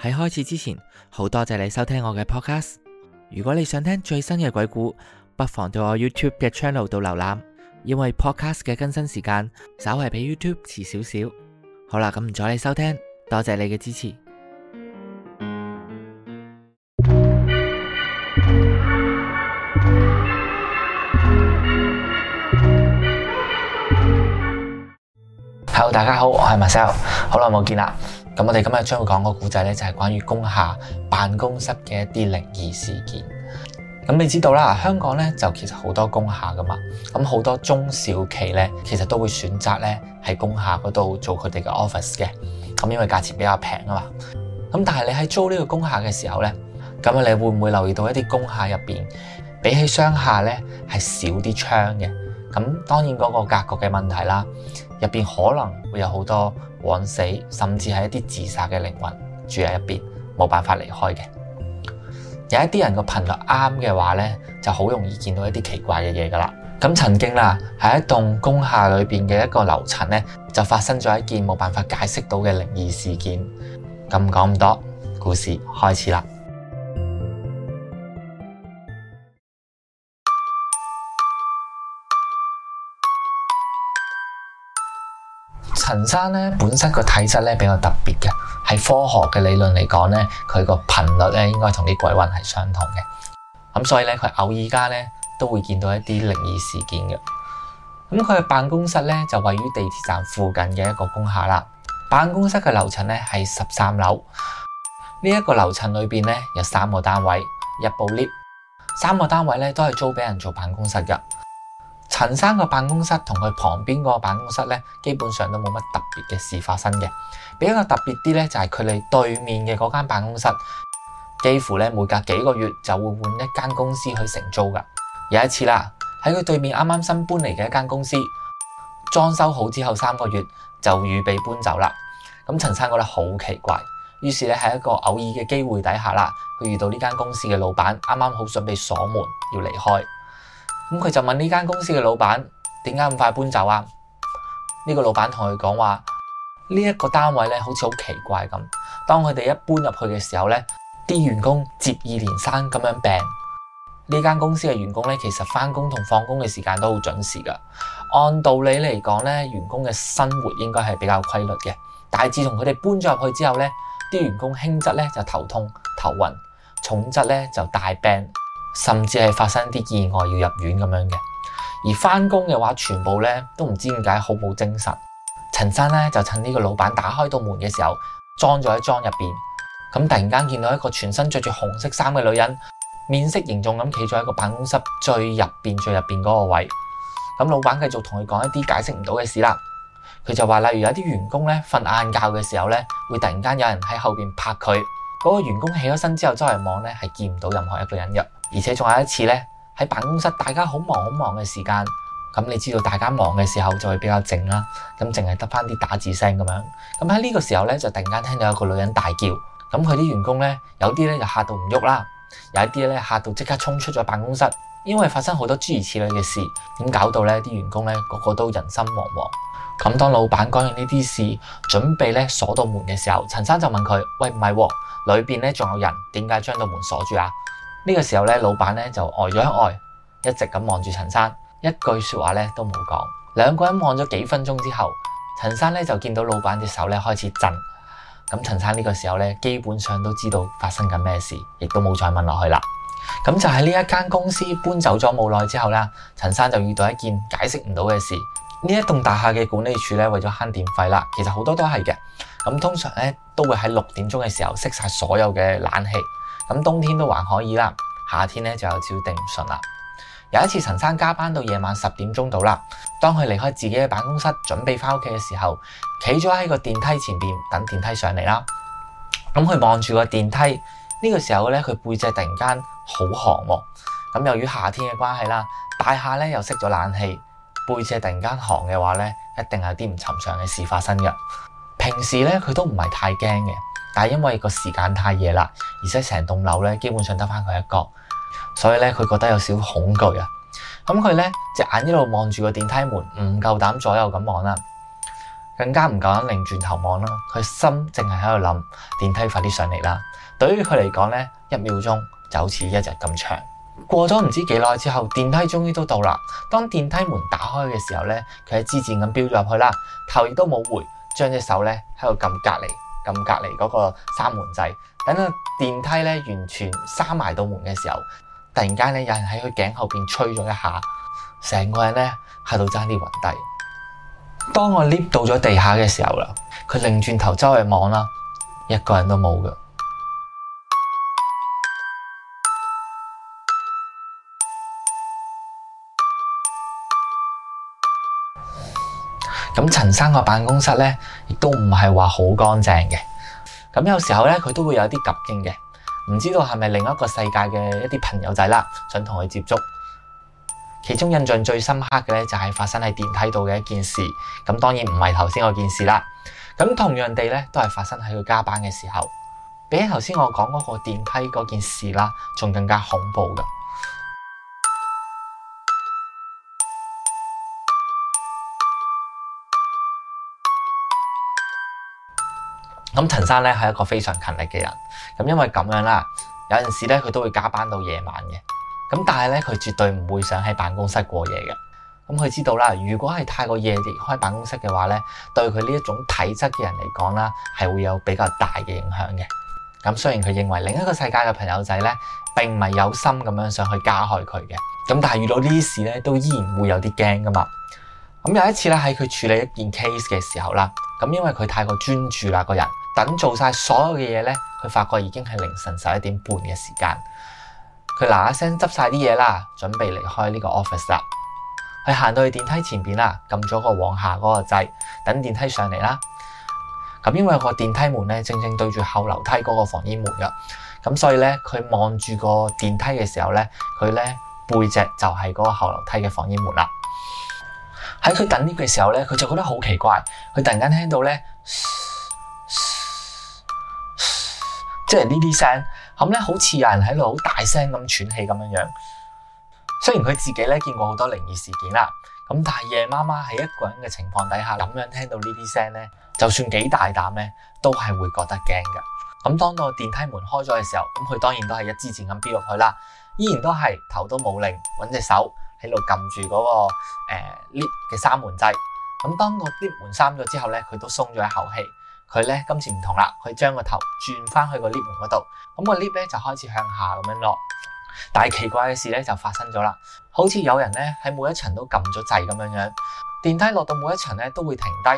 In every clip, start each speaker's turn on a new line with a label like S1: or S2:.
S1: 喺開始之前，好多謝你收聽我嘅 podcast。如果你想聽最新嘅鬼故，不妨到我 YouTube 嘅 channel 度瀏覽，因為 podcast 嘅更新時間稍為比 YouTube 遲少少。好啦，咁唔阻你收聽，多謝你嘅支持。Hello，大家好，我係 Marcel，好耐冇見啦。咁我哋今日將會講個古仔咧，就係關於工廈辦公室嘅一啲靈異事件。咁你知道啦，香港咧就其實好多工廈噶嘛，咁好多中小企咧其實都會選擇咧喺工廈嗰度做佢哋嘅 office 嘅。咁因為價錢比較平啊嘛。咁但係你喺租呢個工廈嘅時候咧，咁啊你會唔會留意到一啲工廈入邊，比起商廈咧係少啲窗嘅？咁當然嗰個格局嘅問題啦，入邊可能會有好多。枉死，甚至係一啲自殺嘅靈魂住喺一邊，冇辦法離開嘅。有一啲人個頻率啱嘅話呢，就好容易見到一啲奇怪嘅嘢噶啦。咁曾經啦，喺一棟工廈裏邊嘅一個樓層呢，就發生咗一件冇辦法解釋到嘅靈異事件。咁講咁多，故事開始啦。陳生咧本身個體質咧比較特別嘅，喺科學嘅理論嚟講咧，佢個頻率咧應該同啲鬼魂係相同嘅，咁所以咧佢偶爾間咧都會見到一啲靈異事件嘅。咁佢嘅辦公室咧就位於地鐵站附近嘅一個工廈啦，辦公室嘅樓層咧係十三樓，呢一個樓層裏邊咧有三個單位，一部 lift，三個單位咧都係租俾人做辦公室嘅。陳生個辦公室同佢旁邊嗰個辦公室咧，基本上都冇乜特別嘅事發生嘅。比較特別啲咧，就係佢哋對面嘅嗰間辦公室，幾乎咧每隔幾個月就會換一間公司去承租噶。有一次啦，喺佢對面啱啱新搬嚟嘅一間公司，裝修好之後三個月就預備搬走啦。咁陳生覺得好奇怪，於是咧喺一個偶爾嘅機會底下啦，佢遇到呢間公司嘅老闆，啱啱好準備鎖門，要離開。咁佢就問呢間公司嘅老闆，點解咁快搬走啊？呢個老闆同佢講話：呢一個單位咧，好似好奇怪咁。當佢哋一搬入去嘅時候咧，啲員工接二連三咁樣病。呢間公司嘅員工咧，其實翻工同放工嘅時間都好準時噶。按道理嚟講咧，員工嘅生活應該係比較規律嘅。但係自從佢哋搬咗入去之後咧，啲員工輕則咧就頭痛頭暈，重則咧就大病。甚至係發生啲意外要入院咁樣嘅，而翻工嘅話，全部咧都唔知點解好冇精神。陳生咧就趁呢個老闆打開道門嘅時候，裝咗喺裝入邊。咁突然間見到一個全身着住紅色衫嘅女人，面色凝重咁企咗喺個辦公室最入邊最入邊嗰個位。咁老闆繼續同佢講一啲解釋唔到嘅事啦。佢就話，例如有啲員工咧瞓晏覺嘅時候咧，會突然間有人喺後邊拍佢。嗰個員工起咗身之後周圍望咧，係見唔到任何一個人嘅。而且仲有一次咧，喺辦公室大家好忙好忙嘅時間，咁你知道大家忙嘅時候就會比較靜啦，咁淨係得翻啲打字聲咁樣。咁喺呢個時候咧，就突然間聽到一個女人大叫，咁佢啲員工咧，有啲咧就吓到唔喐啦，有一啲咧吓到即刻衝出咗辦公室，因為發生好多諸如此類嘅事，咁搞到咧啲員工咧個個都人心惶惶。咁當老闆講完呢啲事，準備咧鎖到門嘅時候，陳生就問佢：，喂，唔係喎，裏邊咧仲有人，點解將到門鎖住啊？呢個時候咧，老闆咧就呆咗一呆，一直咁望住陳生，一句說話咧都冇講。兩個人望咗幾分鐘之後，陳生咧就見到老闆隻手咧開始震。咁陳生呢個時候咧，基本上都知道發生緊咩事，亦都冇再問落去啦。咁就喺呢一間公司搬走咗冇耐之後咧，陳生就遇到一件解釋唔到嘅事。呢一棟大廈嘅管理處咧，為咗慳電費啦，其實好多都係嘅。咁通常咧都會喺六點鐘嘅時候熄晒所有嘅冷氣。咁冬天都還可以啦，夏天咧就有少少頂唔順啦。有一次陳生加班到夜晚十點鐘到啦，當佢離開自己嘅辦公室準備翻屋企嘅時候，企咗喺個電梯前邊等電梯上嚟啦。咁佢望住個電梯呢、呢個時候咧，佢背脊突然間好寒喎。咁由於夏天嘅關係啦，大廈咧又熄咗冷氣，背脊突然間寒嘅話咧，一定係啲唔尋常嘅事發生嘅。平時咧佢都唔係太驚嘅。但係因為個時間太夜啦，而且成棟樓咧基本上得翻佢一個，所以咧佢覺得有少少恐懼啊。咁佢咧隻眼一路望住個電梯門，唔夠膽左右咁望啦，更加唔夠膽擰轉頭望啦。佢心淨係喺度諗：電梯快啲上嚟啦！對於佢嚟講咧，一秒鐘就好似一日咁長。過咗唔知幾耐之後，電梯終於都到啦。當電梯門打開嘅時候咧，佢係支箭咁飆咗入去啦，頭亦都冇回，將隻手咧喺度撳隔離。咁隔籬嗰個閂門掣，等到電梯咧完全閂埋到門嘅時候，突然間咧有人喺佢頸後邊吹咗一下，成個人咧喺度爭啲暈低。當我 lift 到咗地下嘅時候啦，佢擰轉頭周圍望啦，一個人都冇嘅。咁陳生個辦公室咧，亦都唔係話好乾淨嘅。咁有時候咧，佢都會有啲急睛嘅，唔知道係咪另一個世界嘅一啲朋友仔啦，想同佢接觸。其中印象最深刻嘅咧，就係發生喺電梯度嘅一件事。咁當然唔係頭先嗰件事啦。咁同樣地咧，都係發生喺佢加班嘅時候，比起頭先我講嗰個電梯嗰件事啦，仲更加恐怖㗎。咁陳生咧係一個非常勤力嘅人，咁因為咁樣啦，有陣時咧佢都會加班到夜晚嘅，咁但係咧佢絕對唔會想喺辦公室過夜嘅，咁佢知道啦，如果係太過夜離開辦公室嘅話咧，對佢呢一種體質嘅人嚟講啦，係會有比較大嘅影響嘅。咁雖然佢認為另一個世界嘅朋友仔咧並唔係有心咁樣想去加害佢嘅，咁但係遇到呢啲事咧都依然會有啲驚噶嘛。咁有一次咧喺佢處理一件 case 嘅時候啦，咁因為佢太過專注啦個人。等做晒所有嘅嘢咧，佢發覺已經係凌晨十一點半嘅時間。佢嗱嗱聲執晒啲嘢啦，準備離開呢個 office 啦。佢行到去電梯前邊啦，撳咗個往下嗰個掣，等電梯上嚟啦。咁因為個電梯門咧正正對住後樓梯嗰個防煙門㗎，咁所以咧佢望住個電梯嘅時候咧，佢咧背脊就係嗰個後樓梯嘅防煙門啦。喺佢等 lift 嘅時候咧，佢就覺得好奇怪，佢突然間聽到咧。即係呢啲聲，咁咧好似有人喺度好大聲咁喘氣咁樣樣。雖然佢自己咧見過好多靈異事件啦，咁但係夜媽媽喺一個人嘅情況底下咁樣聽到呢啲聲咧，就算幾大膽咧，都係會覺得驚嘅。咁當個電梯門開咗嘅時候，咁佢當然都係一支箭咁飈落去啦，依然都係頭都冇擰，揾隻手喺度撳住嗰、個 lift 嘅閂門掣。咁當個 lift 門閂咗之後咧，佢都鬆咗一口氣。佢咧今次唔同啦，佢將個頭轉翻去個 lift 門嗰度，咁個 lift 咧就開始向下咁樣落。但係奇怪嘅事咧就發生咗啦，好似有人咧喺每一層都撳咗掣咁樣樣，電梯落到每一層咧都會停低，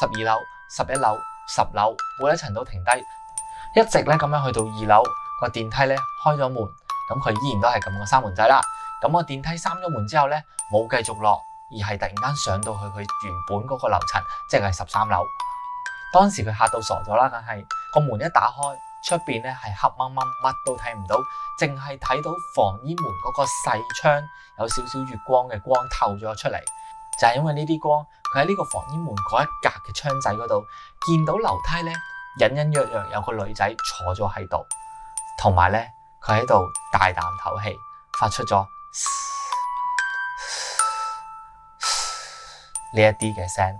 S1: 十二樓、十一樓、十樓，每一層都停低，一直咧咁樣去到二樓，個電梯咧開咗門，咁佢依然都係咁個三門掣啦。咁個電梯閂咗門之後咧，冇繼續落，而係突然間上到去佢原本嗰個樓層，即係十三樓。當時佢嚇到傻咗啦，但係個門一打開，出面咧係黑掹掹，乜都睇唔到，淨係睇到防煙門嗰個細窗有少少月光嘅光透咗出嚟，就係因為呢啲光，佢喺呢個防煙門嗰一格嘅窗仔嗰度見到樓梯咧隱隱約約有個女仔坐咗喺度，同埋咧佢喺度大啖唞氣，發出咗呢一啲嘅聲。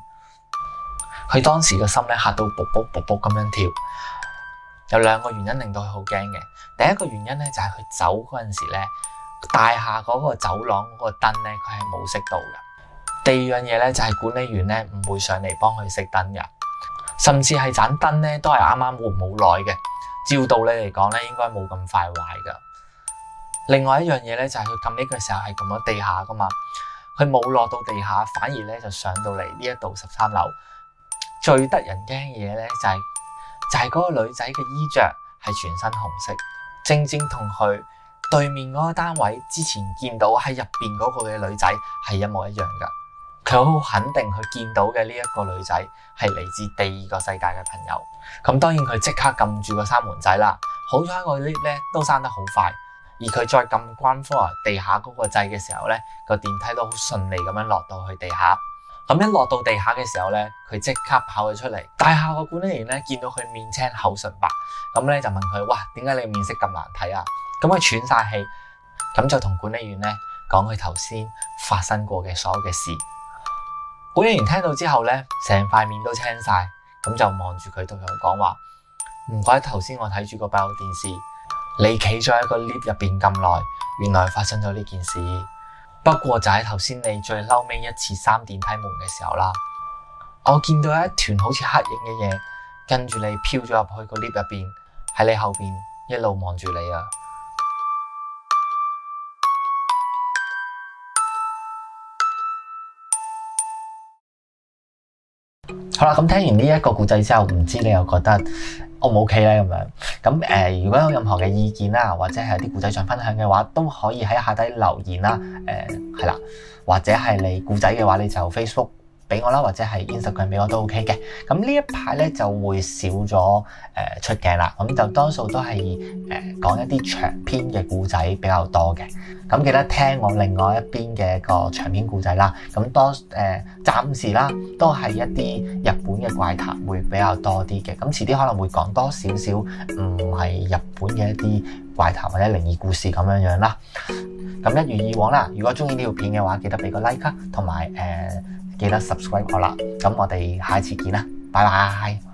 S1: 佢當時個心咧嚇到，噗噗噗噗咁樣跳。有兩個原因令到佢好驚嘅。第一個原因咧就係佢走嗰陣時咧，大廈嗰個走廊嗰個燈咧，佢係冇熄到嘅。第二樣嘢咧就係管理員咧唔會上嚟幫佢熄燈㗎，甚至係盞燈咧都係啱啱換冇耐嘅，照道理嚟講咧應該冇咁快壞㗎。另外一樣嘢咧就係佢撳呢個時候係咁樣地下㗎嘛，佢冇落到地下，反而咧就上到嚟呢一度十三樓。最得人驚嘅嘢咧就係就係嗰個女仔嘅衣着係全身紅色，正正同佢對面嗰個單位之前見到喺入邊嗰個嘅女仔係一模一樣噶。佢好肯定佢見到嘅呢一個女仔係嚟自第二個世界嘅朋友。咁當然佢即刻撳住個閂門仔啦，好彩個 lift 咧都閂得好快，而佢再撳關科學地下嗰個掣嘅時候咧，個電梯都好順利咁樣落到去地下地。咁一落到地下嘅時候呢，佢即刻跑咗出嚟。大廈嘅管理員呢，見到佢面青口唇白，咁咧就問佢：，哇，點解你的面色咁難睇啊？咁佢喘晒氣，咁就同管理員咧講佢頭先發生過嘅所有嘅事。管理員聽到之後呢，成塊面都青晒，咁就望住佢同佢講話：，唔怪，頭先我睇住個閉路電視，你企咗喺個 lift 入邊咁耐，原來發生咗呢件事。不過就喺頭先你最嬲尾一次閂電梯門嘅時候啦，我見到一團好似黑影嘅嘢，跟住你飄咗入去個 lift 入邊，喺你後邊一路望住你啊！ 好啦，咁聽完呢一個故仔之後，唔知你又覺得？O 唔 O K 咧？如果有任何嘅意見啦，或者係啲故仔想分享嘅話，都可以喺下底留言啦。誒、呃，係啦，或者係你故仔嘅話，你就 Facebook。俾我啦，或者係 Instagram 俾我都 OK 嘅。咁呢一排咧就會少咗誒出鏡啦，咁就多數都係誒講一啲長篇嘅故仔比較多嘅。咁記得聽我另外一邊嘅個長篇故仔啦。咁多誒，暫時啦都係一啲日本嘅怪談會比較多啲嘅。咁遲啲可能會講多少少唔係日本嘅一啲怪談或者靈異故事咁樣樣啦。咁一如以往啦，如果中意呢條片嘅話，記得俾個 like 啦，同埋誒。呃記得 subscribe 我啦，咁我哋下次見啦，拜拜。